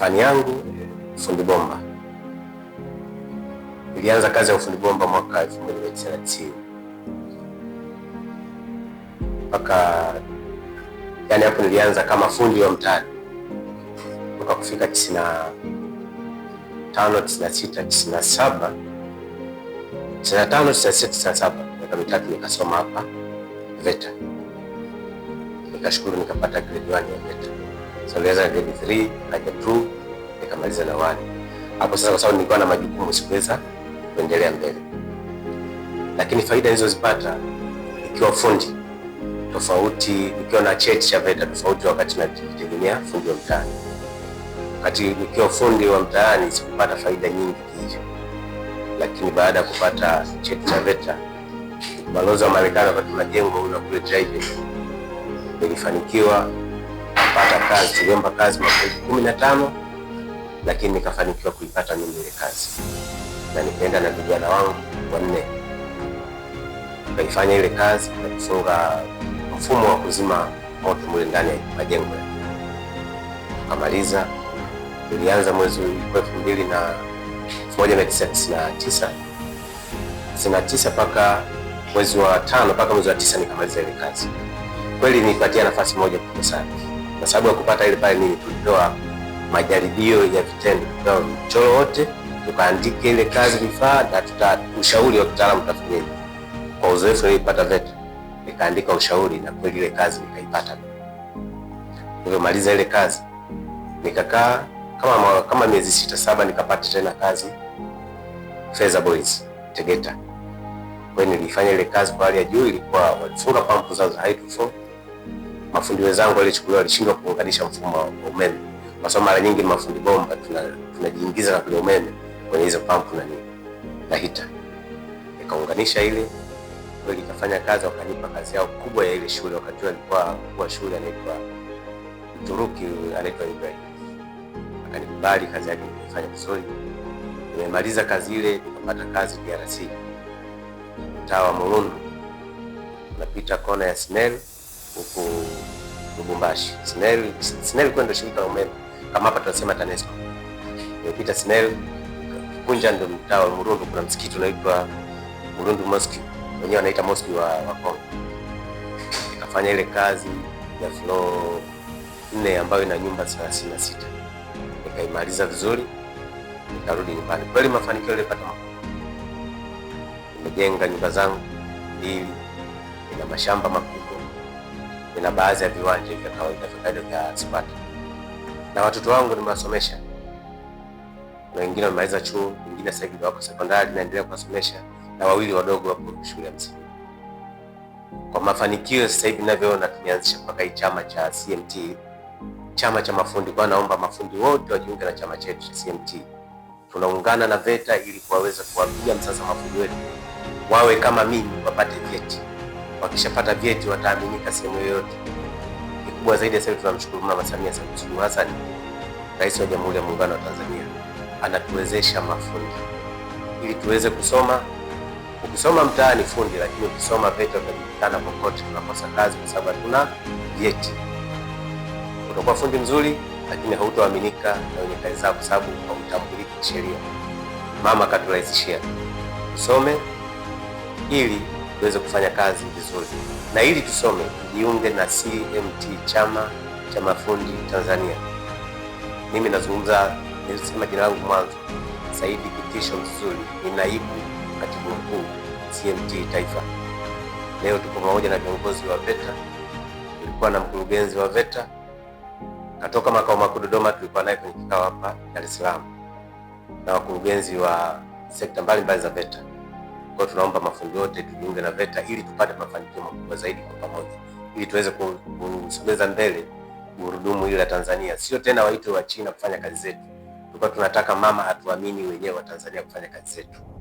Fani yangu fundi bomba. Nilianza kazi ya ufundi bomba mwaka 1990 mpaka yani, hapo nilianza kama fundi wa mtaani mpaka kufika 95, 96, 97, tano 95, 96, 97, miaka mitatu nikasoma hapa VETA, nikashukuru nikapata grade 1 ya VETA. So nilianza grade 3 na kaja 2 nikamaliza na wani. Hapo sasa, kwa sababu nilikuwa na majukumu, sikuweza kuendelea mbele, lakini faida nilizozipata ikiwa fundi tofauti, nikiwa na cheti cha VETA tofauti wakati najitegemea fundi wa mtaani. Wakati nikiwa fundi wa mtaani sikupata faida nyingi hivyo, lakini baada ya kupata cheti cha VETA balozi wa Marekani wakati majengo unakule kule driving nilifanikiwa kupata kazi. Niliomba kazi mwaka kumi na tano lakini nikafanikiwa kuipata mimi ile kazi, na nikaenda na vijana wangu wanne tukaifanya ile kazi, na tukafunga mfumo wa kuzima moto mule ndani ya majengo, tukamaliza. Tulianza mwezi elfu mbili na moja mia tisa tisini na tisa tisini na tisa mpaka mwezi wa tano mpaka mwezi wa tisa nikamaliza ile kazi. Kweli nilipatia nafasi moja kubwa sana. Kwa sababu ya kupata ile pale nini, tulipewa majaribio ya vitendo, tupewa mchoro wote tukaandike ile kazi vifaa, na tutaushauri wa kitaalamu tathmini. Kwa uzoefu nilipata VETA, nikaandika ushauri na kweli ile kazi nikaipata. Nilivyomaliza ile kazi nikakaa kama mwaka, kama miezi sita saba, nikapata tena kazi Feza Boys Tegeta. Kwa hiyo nilifanya ile kazi kwa hali ya juu, ilikuwa walifunga pampu zao za hydrofoil mafundi wenzangu waliochukuliwa walishindwa kuunganisha mfumo wa umeme, kwa sababu mara nyingi mafundi bomba tunajiingiza tuna na kule umeme kwenye hizo pampu na nini na hita, nikaunganisha ile kweli ikafanya kazi, wakanipa kazi yao kubwa ya ile shule. Wakati alikuwa kuwa shule anaitwa Turuki, anaitwa Ibrahim, akanikubali kazi yake, nikafanya vizuri. Nimemaliza kazi ile, nikapata kazi DRC mtaa wa Mulundu, napita kona ya Snell huku Lubumbashi. SNEL SNEL kwenda shirika la umeme kama hapa tunasema TANESCO. Nimepita SNEL kunja ndo mtaa wa Murundu kuna msikiti unaitwa Murundu Mosque. Wenyewe wanaita mosque wa wa Kongo. Nikafanya ile kazi ya floor nne ambayo ina nyumba 36. Nikaimaliza vizuri. Nikarudi nyumbani. Kweli mafanikio nilipata makubwa. Nimejenga nyumba zangu mbili. Nina mashamba makubwa nina baadhi ya viwanja vya kawaida vya kawaida vya spata, na watoto wangu nimewasomesha, na wengine wamemaliza chuo, wengine sasa hivi wako sekondari, naendelea kuwasomesha, na wawili wadogo wapo shule ya msingi. Kwa mafanikio sasa hivi ninavyoona, tumeanzisha mpaka hii chama cha CMT, chama cha mafundi. Kwa naomba mafundi wote wajiunge na chama chetu cha CMT. Tunaungana na VETA ili kuwaweza kuwapiga msasa mafundi wetu wawe kama mimi, wapate vyeti wakishapata vyeti wataaminika sehemu yoyote. Kikubwa zaidi sasa tunamshukuru Mama Samia Suluhu Hassan, Rais wa Jamhuri ya Muungano wa Tanzania, anatuwezesha mafundi ili tuweze kusoma. Ukisoma mtaani fundi, lakini ukisoma VETA utajulikana popote, tunakosa kazi kwa sababu hatuna vyeti. Utakuwa fundi mzuri, lakini hautoaminika na wenye kazi zako kwa sababu hautambuliki kisheria. Mama katurahisishia, usome ili tuweze kufanya kazi vizuri, na ili tusome, tujiunge na CMT, chama cha mafundi Tanzania. Mimi nazungumza, nilisema jina langu mwanzo, Saidi Kitisho Mzuri, ni naibu katibu mkuu CMT Taifa. Leo tuko pamoja na viongozi wa VETA, tulikuwa na mkurugenzi wa VETA katoka makao makuu Dodoma, tulikuwa naye kwenye kikao hapa Dar es Salaam na wakurugenzi wa sekta mbalimbali za VETA. Kwa tunaomba mafundi wote tujiunge na VETA ili tupate mafanikio makubwa zaidi kwa pamoja, ili tuweze kusogeza mbele gurudumu hili la Tanzania, sio tena waitwe wa China kufanya kazi zetu. Tulikuwa tunataka mama atuamini wenyewe wa Tanzania kufanya kazi zetu.